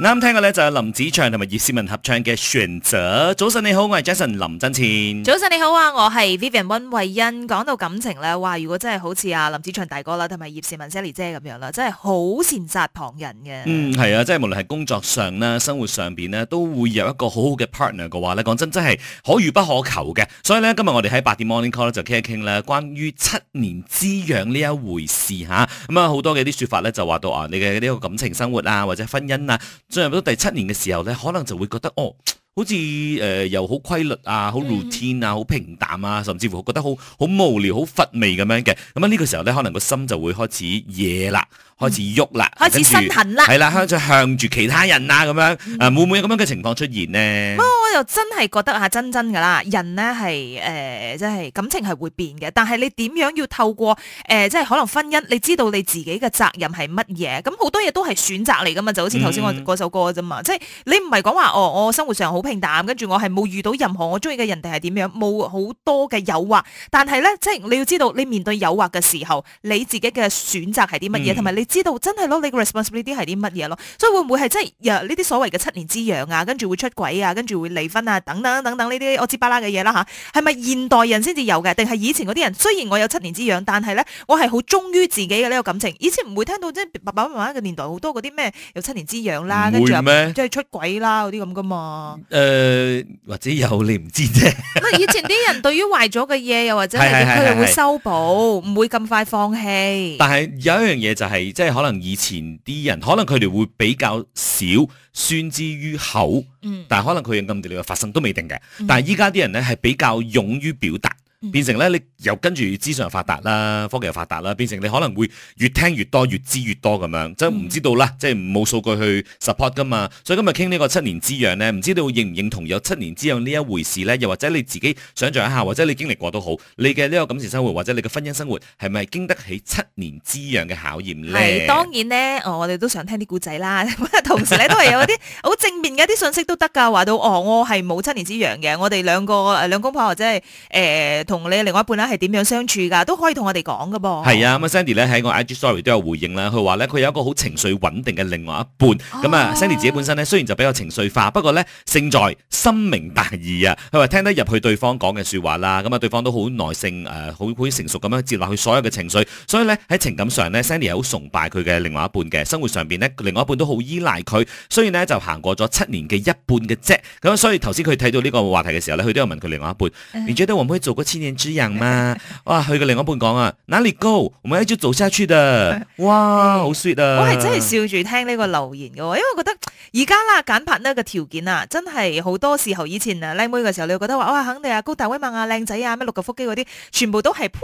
啱、嗯、聽嘅咧就係林子祥同埋葉倩文合唱嘅《選擇》。早晨你好，我係 Jason 林真前。早晨你好啊，我係 Vivian 溫慧欣。講到感情咧，哇，如果真係好似阿林子祥大哥啦，同埋葉倩文 Sally 姐咁樣啦，真係好羨煞旁人嘅。嗯，係啊，即係無論係工作上啦、生活上邊呢，都會有一個很好好嘅 partner 嘅話咧，講真的真係可遇不可求嘅。所以咧，今日我哋喺八點 Morning Call 咧就傾一傾咧，關於七年之癢呢一回事吓。咁、嗯、啊，好多嘅啲說法咧就話到啊，你嘅呢個感情生活啊，或者婚姻啊。進入到第七年嘅時候咧，可能就會覺得哦。好似誒、呃，又好規律啊，好 routine 啊，好平淡啊，嗯、甚至乎覺得好好無聊、好乏味咁樣嘅。咁呢個時候呢，可能個心就會開始野啦，開始郁啦，開始憤恨啦，係啦，向住向住其他人啦、啊、咁樣。誒、嗯啊，會唔會有咁樣嘅情況出現呢？不過我又真係覺得啊，真真噶啦，人呢係誒，即、呃、係、就是、感情係會變嘅。但係你點樣要透過誒，即、呃、係、就是、可能婚姻，你知道你自己嘅責任係乜嘢？咁好多嘢都係選擇嚟噶嘛，就好似頭先我嗰首歌啫嘛。嗯、即係你唔係講話哦，我生活上好。平淡，跟住我係冇遇到任何我中意嘅人定係點樣，冇好多嘅誘惑。但係咧，即係你要知道，你面對誘惑嘅時候，你自己嘅選擇係啲乜嘢，同埋、嗯、你知道真係攞你嘅 responsibility 呢啲係啲乜嘢咯。所以會唔會係即係，呢啲所謂嘅七年之癢啊，跟住會出軌啊，跟住會離婚啊，等等等等呢啲我知巴拉嘅嘢啦吓，係咪現代人先至有嘅，定係以前嗰啲人？雖然我有七年之癢，但係咧，我係好忠於自己嘅呢個感情。以前唔會聽到即係，爸爸媽媽嘅年代好多嗰啲咩有七年之癢啦、會咩，跟住，即係出軌啦嗰啲咁噶嘛。誒、呃，或者有你唔知啫。 以前啲人對於壞咗嘅嘢，又或者係佢哋會修補，唔會咁快放棄。但係有一樣嘢就係、是，即係可能以前啲人，可能佢哋會比較少宣之於口。嗯，但係可能佢暗地裏發生都未定嘅。但係依家啲人咧係比較勇於表達。嗯變成咧，你又跟住資訊又發達啦，科技又發達啦，變成你可能會越聽越多，越知越多咁樣，即係唔知道啦，即係冇數據去 support 噶嘛。所以今日傾呢個七年之癢咧，唔知道你會認唔認同有七年之癢呢一回事咧？又或者你自己想像一下，或者你經歷過都好，你嘅呢個感情生活或者你嘅婚姻生活係咪經得起七年之癢嘅考驗咧？係當然咧、哦，我哋都想聽啲故仔啦。同時咧都係有啲好正面嘅一啲信息都得噶。話到哦，我係冇七年之癢嘅，我哋兩個兩公婆或者係誒。呃同你另外一半咧係點樣相處㗎？都可以同我哋講嘅噃。係啊，咁 Sandy 咧喺我 IG story 都有回應啦。佢話咧，佢有一個好情緒穩定嘅另外一半。咁啊，Sandy 自己本身咧、啊、雖然就比較情緒化，不過咧勝在心明大義啊。佢話聽得入去對方講嘅說話啦。咁啊，對方都好耐性誒，好、呃、成熟咁樣接納佢所有嘅情緒。所以咧喺情感上咧，Sandy 係好崇拜佢嘅另外一半嘅。生活上面咧，另外一半都好依賴佢。雖然咧就行過咗七年嘅一半嘅啫。咁所以頭先佢睇到呢個話題嘅時候咧，佢都有問佢另外一半，你覺得可唔可以做個千年之癢嘛 哇，哇！去個另一半講啊，哪裏高，我們係就走下去啊。哇！好 sweet 啊！我係真係笑住聽呢個留言噶，因為我覺得而家啦，揀 partner 呢個條件啊，真係好多時候以前啊，靚妹嘅時候，你會覺得話哇，肯定啊，高大威猛啊，靚仔啊，咩、啊、六嚿腹肌嗰啲，全部都係呸！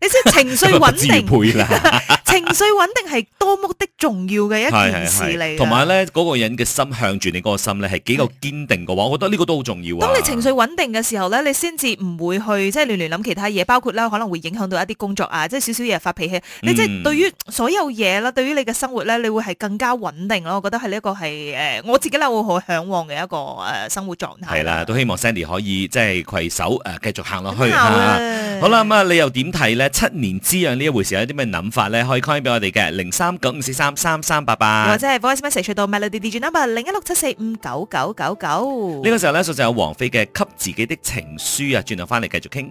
你先情緒穩定， 情緒穩定係多麼的重要嘅一件事嚟，同埋咧嗰個人嘅心向住你嗰個心咧，係幾夠堅定嘅話，我覺得呢個都好重要、啊。當你情緒穩定嘅時候咧，你先至唔會去即亂亂諗其他嘢，包括咧可能會影響到一啲工作啊，即係少少嘢發脾氣。你即係對於所有嘢啦，對於你嘅生活咧，你會係更加穩定咯。我覺得係呢一個係誒，我自己咧會好向往嘅一個誒生活狀態。係啦，都希望 Sandy 可以即係携手誒繼續行落去吓。好啦，咁啊，你又點睇咧七年之癢呢一回事？有啲咩諗法咧？可以 call 俾我哋嘅零三九五四三三三八八，或者係 voice message 到 Melody Digital number 零一六七四五九九九九。呢個時候咧，就就有王菲嘅《給自己的情書》啊，轉頭翻嚟繼續傾。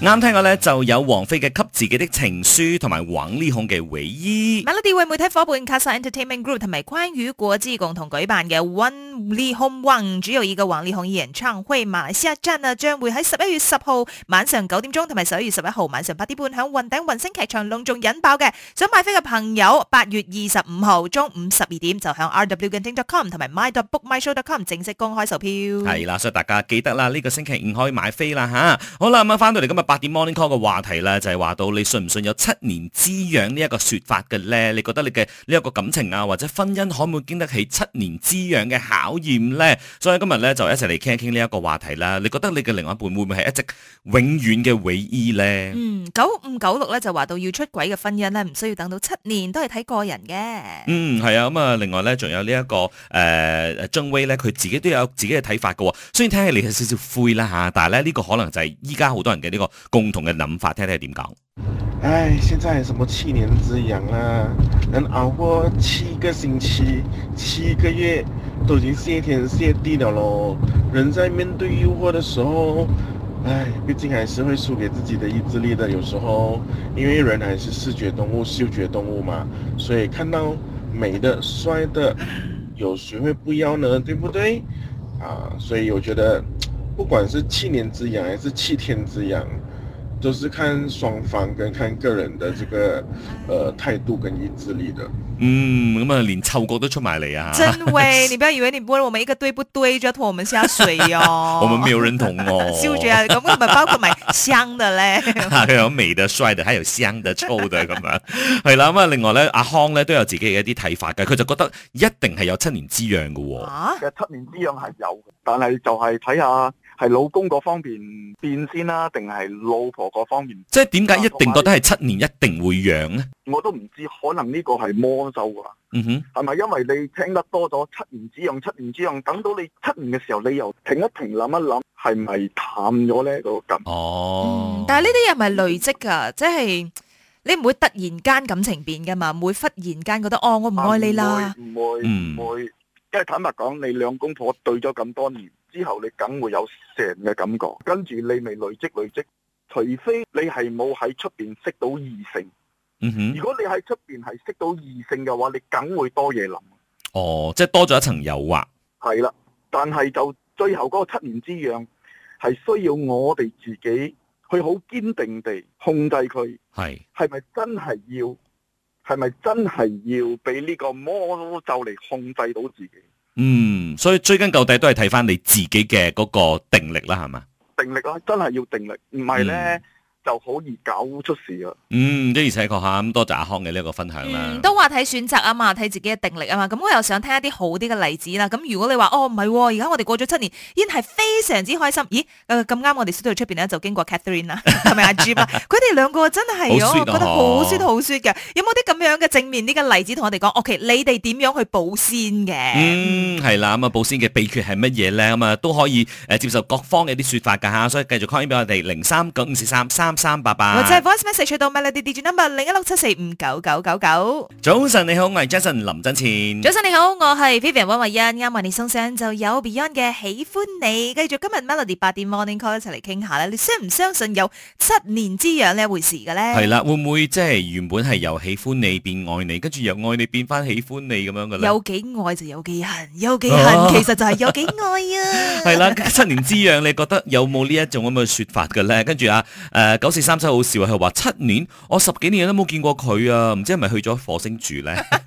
啱聽過咧，就有王菲嘅《給自己的情書》同埋王力宏嘅《回憶》。Melody 為媒體伙伴、Casa Entertainment Group 同埋寬宇國際共同舉辦嘅 One Leehom One，主要以個王力宏演唱會馬來西亞站將會喺十一月十號晚上九點鐘同埋十一月十一號晚上八點半喺雲頂雲星劇場隆重引爆嘅。想買飛嘅朋友，八月二十五號中午十二點就喺 R W Genting.com 同埋 My Book My Show.com 正式公開售票。係啦，所以大家記得啦，呢、這個星期五可以買飛啦吓。好啦，咁啊翻到嚟今日。八點 Morning Call 嘅話題咧，就係話到你信唔信有七年之癢呢一個說法嘅呢？你覺得你嘅呢一個感情啊，或者婚姻可唔可以經得起七年之癢嘅考驗呢？所以今日呢，就一齊嚟傾一傾呢一個話題啦。你覺得你嘅另一半會唔會係一直永遠嘅唯一呢？嗯，九五九六呢，就話到要出軌嘅婚姻呢，唔需要等到七年，都係睇個人嘅。嗯，係啊，咁啊，另外呢、這個，仲有呢一個誒，張威呢，佢自己都有自己嘅睇法嘅。雖然聽起嚟有少少灰啦吓，但係咧呢個可能就係依家好多人嘅呢、這個。共同的諗法，太太點講？唉、哎，現在什麼七年之癢啦、啊，能熬過七個星期、七個月，都已經謝天謝地了咯。人在面對誘惑的時候，唉、哎，畢竟還是會輸給自己的意志力的。有時候，因為人還是視覺動物、嗅覺動物嘛，所以看到美的、帥的，有誰會不要呢？對不對？啊，所以我覺得，不管是七年之癢還是七天之癢。就是看雙方跟看個人的這個，呃，態度跟意志力的。嗯，咁、嗯、啊，連臭哥都出埋嚟啊！真威，你不要以為你駁咗我們一個對不對，就要拖我們下水喲、哦。 我們沒有認同哦。就覺得咁， 包括買香的咧， 啊、還有美的帥的，還有香的臭的咁樣。係 啦，咁、嗯、啊，另外咧，阿康咧都有自己嘅一啲睇法嘅。佢就覺得一定係有七年之癢嘅。啊，七年之癢係有的，但係就係睇下。係老公嗰方面變先啦，定係老婆嗰方面？即係點解一定覺得係七年一定會癢咧？我都唔知，可能呢個係魔咒啊！嗯哼，係咪因為你聽得多咗七年之癢七年之癢，等到你七年嘅時候，你又停一停諗一諗，係咪淡咗咧嗰個感？哦，但係呢啲又咪累積㗎，即係你唔會突然間感情變㗎嘛，唔會忽然間覺得哦，我唔愛你啦？唔會唔會，因為坦白講，你兩公婆對咗咁多年。之後你梗會有成嘅感覺，跟住你未累積累積，除非你係冇喺出邊識到異性，嗯哼，如果你喺出邊係識到異性嘅話，你梗會多嘢諗。哦，即係多咗一層誘惑。係啦，但係就最後嗰個七年之癢，係需要我哋自己去好堅定地控制佢。係，係咪真係要？係咪真係要俾呢個魔咒嚟控制到自己？嗯，所以追根究底都係睇翻你自己嘅嗰個定力啦，係嘛？定力啊，真係要定力，唔係咧。嗯就好易搞出事啦。嗯，一而且確下，咁多謝阿康嘅呢一個分享啦。都話睇選擇啊嘛，睇自己嘅定力啊嘛。咁我又想聽一啲好啲嘅例子啦。咁如果你話哦唔係，而家我哋過咗七年，已經係非常之開心。咦，咁啱我哋出到出邊咧，就經過 Catherine 啊，係咪？阿 j 佢哋兩個真係好覺得好舒服好舒服嘅。有冇啲咁樣嘅正面呢個例子同我哋講？OK，你哋點樣去保鮮嘅？嗯，係啦，咁啊保鮮嘅秘訣係乜嘢咧？咁啊都可以誒接受各方嘅啲説法㗎嚇，所以繼續 call 俾我哋零三九五四三三，三百八，或者 voice message 去到 Melody DJ number 零一六七四五九九九九。早晨你好，我係 Jason 林振前。早晨你好，我係 Vivian 溫慧欣。啱啱你送上就有 Beyond 嘅喜歡你，繼續今日 Melody 八點 Morning Call 一齊嚟傾下咧。你相唔相信有七年之癢呢一回事嘅咧？係啦，會唔會即係原本係由喜歡你變愛你，跟住由愛你變翻喜歡你咁樣嘅咧？有幾愛就有幾恨，有幾恨其實就係有幾愛啊！係啦，七年之癢，你覺得有冇呢一種咁嘅說法嘅咧？跟住啊，誒。九四三七好笑，佢話七年，我十幾年都冇見過佢啊，唔知係咪去咗火星住呢？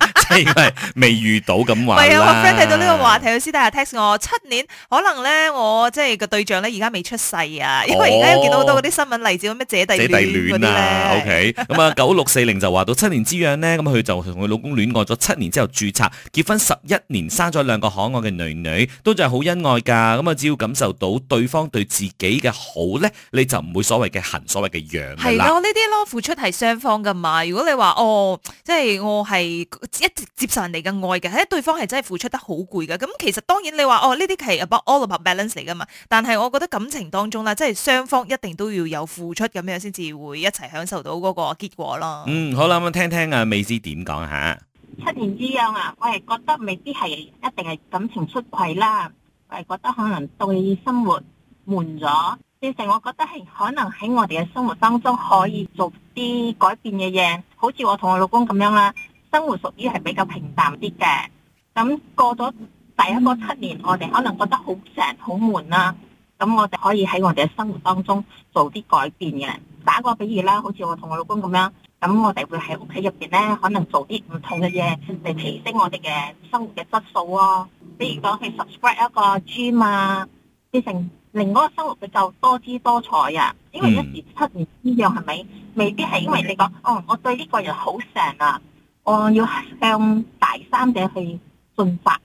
未 遇到咁話？唔係啊，哇我 friend 睇到呢個話題，佢私底下 text 我七年，可能咧我即係個對象咧而家未出世啊，哦、因為而家有見到好多嗰啲新聞例子，咩姐弟戀姐弟戀啊 OK 咁啊九六四零就話到七年之癢咧，咁佢、 嗯、就同佢老公戀愛咗七年之後註冊結婚十一年，生咗兩個可愛嘅女女，都仲係好恩愛噶。咁、嗯、啊，只要感受到對方對自己嘅好咧，你就唔會所謂嘅恨，所謂嘅癢係咯，呢啲、啊、咯，付出係雙方噶嘛。如果你話哦，即係我係一。接受人哋嘅愛嘅，喺對方係真係付出得好攰嘅。咁其實當然你話哦，呢啲係 about all about balance 嚟噶嘛。但係我覺得感情當中咧，即係雙方一定都要有付出，咁樣先至會一齊享受到嗰個結果咯、嗯。嗯，好啦，咁我聽聽啊，Melody 點講吓。七年之癢啊，我係覺得未必係一定係感情出軌啦。我係覺得可能對生活悶咗，變成我覺得係可能喺我哋嘅生活當中可以做啲改變嘅嘢。好似我同我老公咁樣啦。生活屬於係比較平淡啲嘅，咁過咗第一個七年，我哋可能覺得好成、好悶啦。咁我哋可以喺我哋嘅生活當中做啲改變嘅。打個比喻啦，好似我同我老公咁樣，咁我哋會喺屋企入邊咧，可能做啲唔同嘅嘢嚟提升我哋嘅生活嘅質素哦。比如講去 subscribe 一個 gym 啊，變成令嗰個生活比較多姿多彩啊。因為一時七年之癢係咪？未必係因為你講，哦、嗯，我對呢個人好成啊。我要向第三者去進發，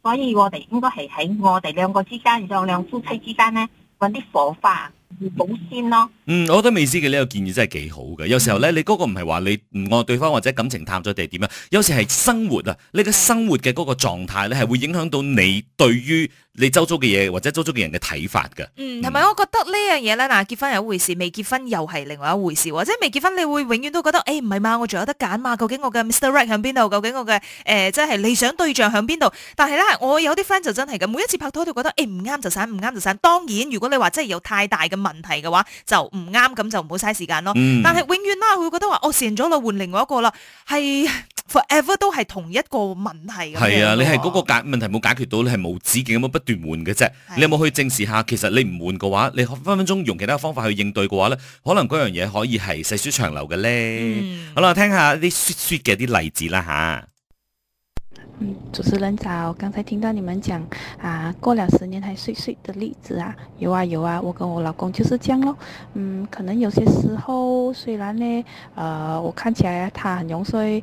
所以我哋應該係喺我哋兩個之間，然後兩夫妻之間咧揾啲火花，保鮮咯。嗯，我都未知嘅呢個建議真係幾好㗎。有時候咧，你嗰個唔係話你唔愛對方或者感情淡咗定係點啊？有時係生活啊，你嘅生活嘅嗰個狀態咧係會影響到你對於你周遭嘅嘢或者周遭嘅人嘅睇法㗎，嗯，同埋我覺得呢樣嘢咧，嗱，結婚係一回事，未結婚又係另外一回事，或者未結婚你會永遠都覺得，誒、欸，唔係嘛，我仲有得揀嘛，究竟我嘅 Mr Right 喺邊度，究竟我嘅誒即係理想對象喺邊度？但係咧，我有啲 friend 就真係咁，每一次拍拖都覺得，誒、欸，唔啱就散，唔啱就散。當然，如果你話真係有太大嘅問題嘅話，就唔啱，咁就唔好嘥時間咯。嗯、但係永遠啦，會覺得話，哦，蝕咗啦，換另外一個啦，係。forever 都係同一個問題啊！係啊，你係嗰個解問題冇解決到，你係無止境咁不斷換嘅啫。你有冇去證實下？其實你唔換嘅話，你分分鐘用其他方法去應對嘅話咧，可能嗰樣嘢可以係細水長流嘅咧。好啦，聽下啲碎碎嘅啲例子啦嚇。嗯，主持人早，我剛才聽到你們講啊，過了十年還碎碎的例子啊，有啊有啊，我跟我老公就是這樣咯。嗯，可能有些時候雖然咧，呃，我看起來他很容易。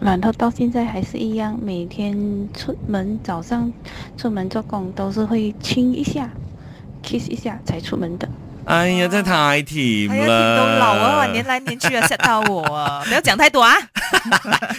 然後到現在還是一樣，每天出門早上出門做工都是會親一下，kiss 一下才出門的。哎呀，真係太甜啦！哎呀，聽到老啊，年嚟年去啊，塞到我啊！不要講太多啊！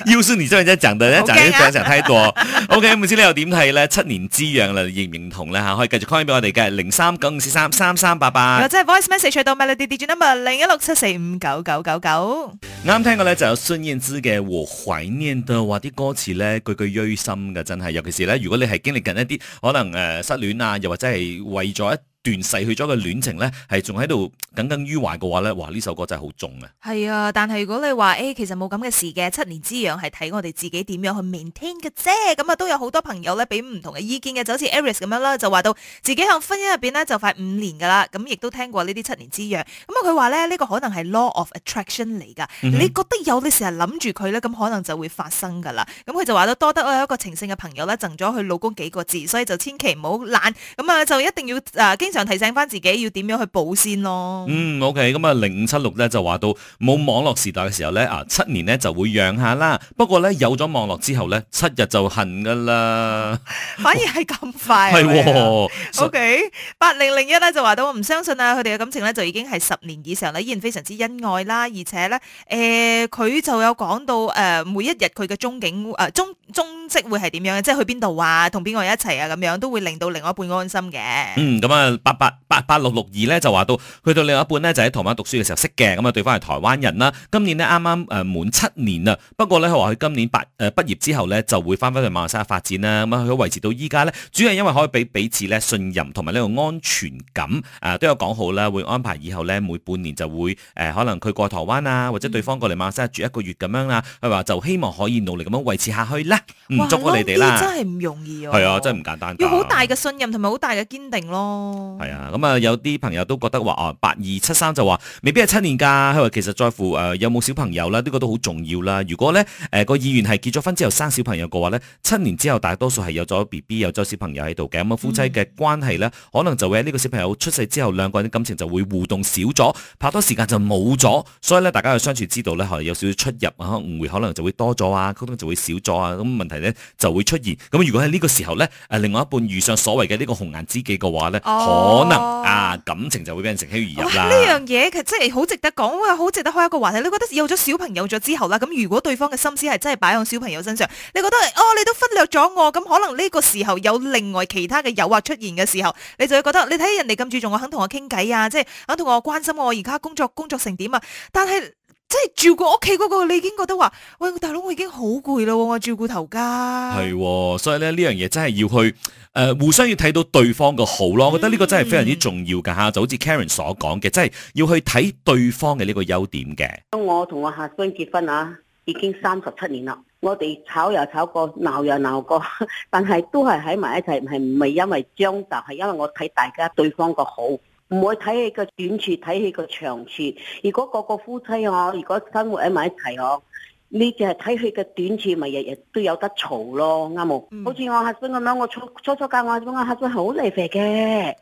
又是你叫人家講的，人講又講太多。OK，唔知你又點睇咧？七年之癢啦，認唔認同咧吓？可以繼續 call 翻俾我哋嘅零三九五四三三三八八，或者 voice message 到埋你哋電話 number 零一六七四五九九九九。啱聽嘅咧就有孫燕姿嘅《我懷念的》，話啲歌詞咧句句錐心嘅，真係，尤其是咧，如果你係經歷緊一啲可能誒失戀啊，又或者係為咗一段逝去咗嘅戀情咧，係仲喺度耿耿於懷嘅話咧，哇！呢首歌真係好重啊！係啊，但係如果你話，誒、欸，其實冇咁嘅事嘅，七年之癢係睇我哋自己點樣去 maintain 嘅啫。咁、嗯、啊，嗯、哼都有好多朋友咧，俾唔同嘅意見嘅，就好似 Aries 咁樣啦，就話到自己向婚姻入邊咧就快五年噶啦，咁亦都聽過呢啲七年之癢。咁、嗯、啊，佢話咧呢、這個可能係 law of attraction 嚟㗎。你覺得有啲時候諗住佢咧，咁可能就會發生㗎啦。咁佢就話到多得我有一個情聖嘅朋友咧，贈咗佢老公幾個字，所以就千祈唔好懶。咁啊，就一定要誒經常提醒翻自己要點樣去保鮮咯，嗯。嗯，OK，咁啊，零五七六咧就話到冇網絡時代嘅時候咧啊，七年咧就會痕下啦。不過咧有咗網絡之後咧，七日就痕㗎啦。反而係咁快。係、哦。啊哦、OK，八零零一咧就話到，我唔相信啊，佢哋嘅感情咧就已經係十年以上啦，依然非常之恩愛啦。而且咧，誒、啊，佢就有講到誒、啊，每一日佢嘅、啊、蹤跡，誒蹤蹤跡會係點樣，即係去邊度啊，同邊個一齊啊，咁樣都會令到另外一半安心嘅。嗯，咁啊。八八八八六六二咧就話到，去到另外一半咧就喺台灣讀書嘅時候識嘅，咁啊對方係台灣人啦。今年咧啱啱誒滿七年啦，不過咧佢話佢今年畢誒畢業之後咧就會翻翻去馬來西亞發展啦。咁啊佢維持到依家咧，主要係因為可以俾彼此咧信任同埋呢個安全感。啊、呃、都有講好啦，會安排以後咧每半年就會誒、呃、可能佢過台灣啊，或者對方過嚟馬來西亞住一個月咁樣啦。佢話就希望可以努力咁樣維持下去啦。唔哇，祝福你哋啦，A、真係唔容易啊、哦。係啊，真係唔簡單。要好大嘅信任同埋好大嘅堅定咯。係、嗯、啊，咁、嗯、啊有啲朋友都覺得話啊八二七三就話未必係七年㗎，係話其實在乎誒、呃、有冇小朋友啦，呢個都好重要啦。如果咧誒個議員係結咗婚之後生小朋友嘅話咧，七年之後大，大多數係有咗 B B 有咗小朋友喺度嘅，咁啊夫妻嘅關係咧可能就會喺呢個小朋友出世之後，兩個人感情就會互動少咗，拍拖時間就冇咗，所以咧大家嘅相處之道咧可能有少少出入啊，誤會可能就會多咗啊，溝通就會少咗啊，咁問題咧就會出現。咁如果喺呢個時候咧誒、呃、另外一半遇上所謂嘅呢個紅顏知己嘅話咧，哦可能啊，感情就會變成乘虛而入啦。呢樣嘢其實真係好值得講，好值得開一個話題。你覺得有咗小朋友咗之後啦，咁如果對方嘅心思係真係擺響小朋友身上，你覺得哦，你都忽略咗我，咁可能呢個時候有另外其他嘅誘惑出現嘅時候，你就會覺得，你睇人哋咁注重我，肯我，肯同我傾偈啊，即係肯同我關心我，而家工作工作成點啊？但係即係照顧屋企嗰個，你已經覺得話，喂，大佬，我已經好攰咯，我照顧頭家係、哦，所以咧呢樣嘢真係要去。誒、呃，互相要睇到對方嘅好咯，我覺得呢個真係非常之重要噶吓，嗯、就好似 Karen 所講嘅，真係要去睇對方嘅呢個優點嘅。我同我下孫結婚啊，已經三十七年啦，我哋吵又吵過，鬧又鬧過，但係都係喺埋一齊，唔係唔係因為爭，就係因為我睇大家對方嘅好，唔會睇佢個短處，睇佢個長處。如果個個夫妻哦、啊，如果生活喺埋一齊哦、啊。你就係睇佢嘅短處，咪日日都有得嘈咯，啱冇？嗯、好似我客孫咁樣，我初初教我客孫，我客孫好厲害嘅。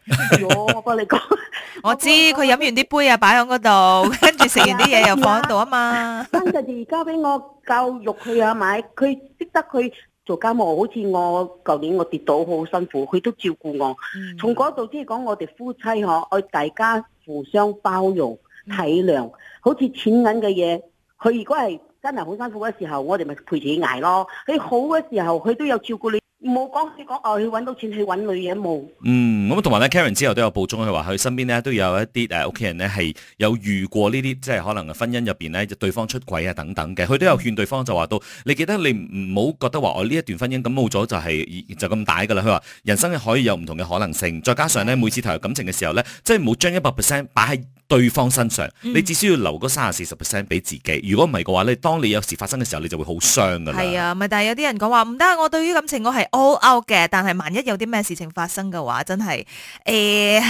我我幫你講， 我知佢飲完啲杯啊，擺響嗰度，跟住食完啲嘢又放喺度啊嘛。跟住而家俾我教育佢啊，買佢識得佢做家務。好似我舊年我跌倒好辛苦，佢都照顧我。從嗰度即係講我哋夫妻呵，我大家互相包容體諒。好似錢銀嘅嘢，佢如果係。真係好辛苦嘅時候，我哋咪陪自己捱咯。佢好嘅時候，佢都有照顧你。冇講講哦，去揾到錢去揾女人冇。嗯，咁同埋咧，Karen 之後都有補充，佢話佢身邊咧都有一啲誒屋企人咧係有遇過呢啲，即係可能嘅婚姻入邊咧對方出軌啊等等嘅。佢都有勸對方就話到，你記得你唔好覺得話我呢一段婚姻咁冇咗就係、是、就咁大㗎啦。佢話人生可以有唔同嘅可能性。再加上咧，每次投入感情嘅時候咧，即係冇將一百 percent 擺喺對方身上，嗯、你只需要留嗰三啊四十 percent 俾自己。如果唔係嘅話咧，你當你有事發生嘅時候，你就會好傷㗎啦。係啊，咪但係有啲人講話唔得，我對於感情我係 all out 嘅。但係萬一有啲咩事情發生嘅話，真係誒，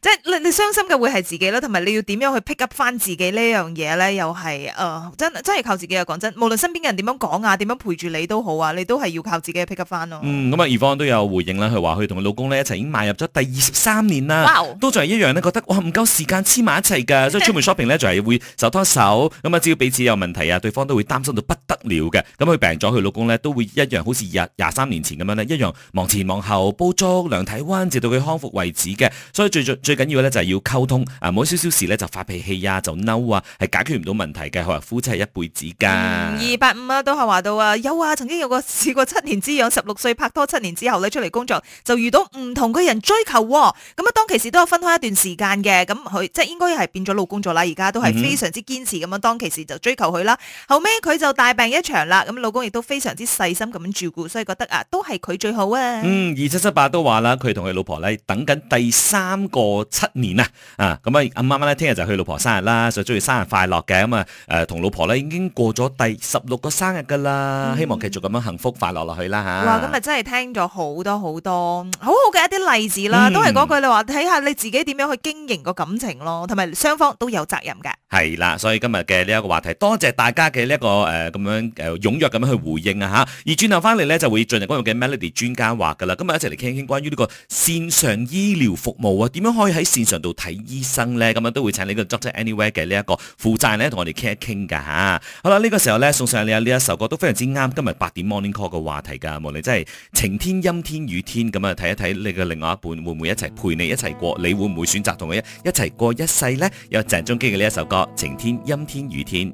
即係你你傷心嘅會係自己啦。同埋你要點樣去 pick up 翻自己這呢樣嘢咧？又係誒、呃、真真係靠自己啊！講真，無論身邊嘅人點樣講啊，點樣陪住你都好啊，你都係要靠自己去 pick up 翻、啊、咯。咁啊、嗯、Yvonne 都有回應啦，佢話佢同佢老公咧一齊已經邁入咗第二十三年啦，Wow 都仲係一樣咧，覺得哇唔夠時間。黐埋 一齊㗎，所以出門 shopping 咧就係會手拖手咁啊！只要彼此有問題啊，對方都會擔心到不得了嘅。咁佢病咗，佢老公咧都會一樣好似廿廿三年前咁樣咧，一樣忙前忙後煲粥、量體温，直到佢康復為止嘅。所以最最最緊要咧就係要溝通啊！冇少少事咧就發脾氣啊，就嬲啊，係解決唔到問題嘅。學人夫妻係一輩子㗎。二八五啊，都係話到啊，有啊，曾經有個試過七年之癢，十六歲拍拖七年之後咧出嚟工作，就遇到唔同嘅人追求。咁啊，當其時都有分開一段時間嘅。咁、嗯、佢。即係應該係變咗老公咗啦，而家都係非常之堅持咁樣，當其時就追求佢啦。嗯、後尾佢就大病一場啦，咁老公亦都非常之細心咁樣照顧，所以覺得啊，都係佢最好啊。嗯，二七七八都話啦，佢同佢老婆咧等緊第三個七年啊。啊，咁啊阿媽媽咧，聽日就係佢老婆生日啦，所以祝佢生日快樂嘅。咁啊同、呃、老婆咧已經過咗第十六個生日噶啦，嗯、希望繼續咁樣幸福快樂落去啦嚇。哇，咁啊真係聽咗好多好多好好嘅一啲例子啦，嗯、都係句、嗰個、你話睇下你自己點樣去經營個感情。同埋雙方都有責任嘅。係啦，所以今日嘅呢一個話題，多謝大家嘅呢一個誒咁、呃、樣誒、呃、踴躍咁樣去回應啊吓。而轉頭翻嚟呢，就會進行關嘅 Melody 專家話噶啦。今日一齊嚟傾一傾關於呢個線上醫療服務啊，點樣可以喺線上度睇醫生呢？咁、嗯、樣都會請呢個 Doctor Anywhere 嘅呢一個負責人咧，同我哋傾一傾噶吓。好啦，呢、這個時候呢，送上你啊呢一首歌都非常之啱今日八點 Morning Call 嘅話題噶。無、啊、論真係晴天、陰天、雨天，咁啊睇一睇你嘅另外一半會唔會一齊陪你一齊過？嗯、你會唔會選擇同佢一一齊過？一世咧，有鄭中基嘅呢一首歌《晴天、陰天、雨天》。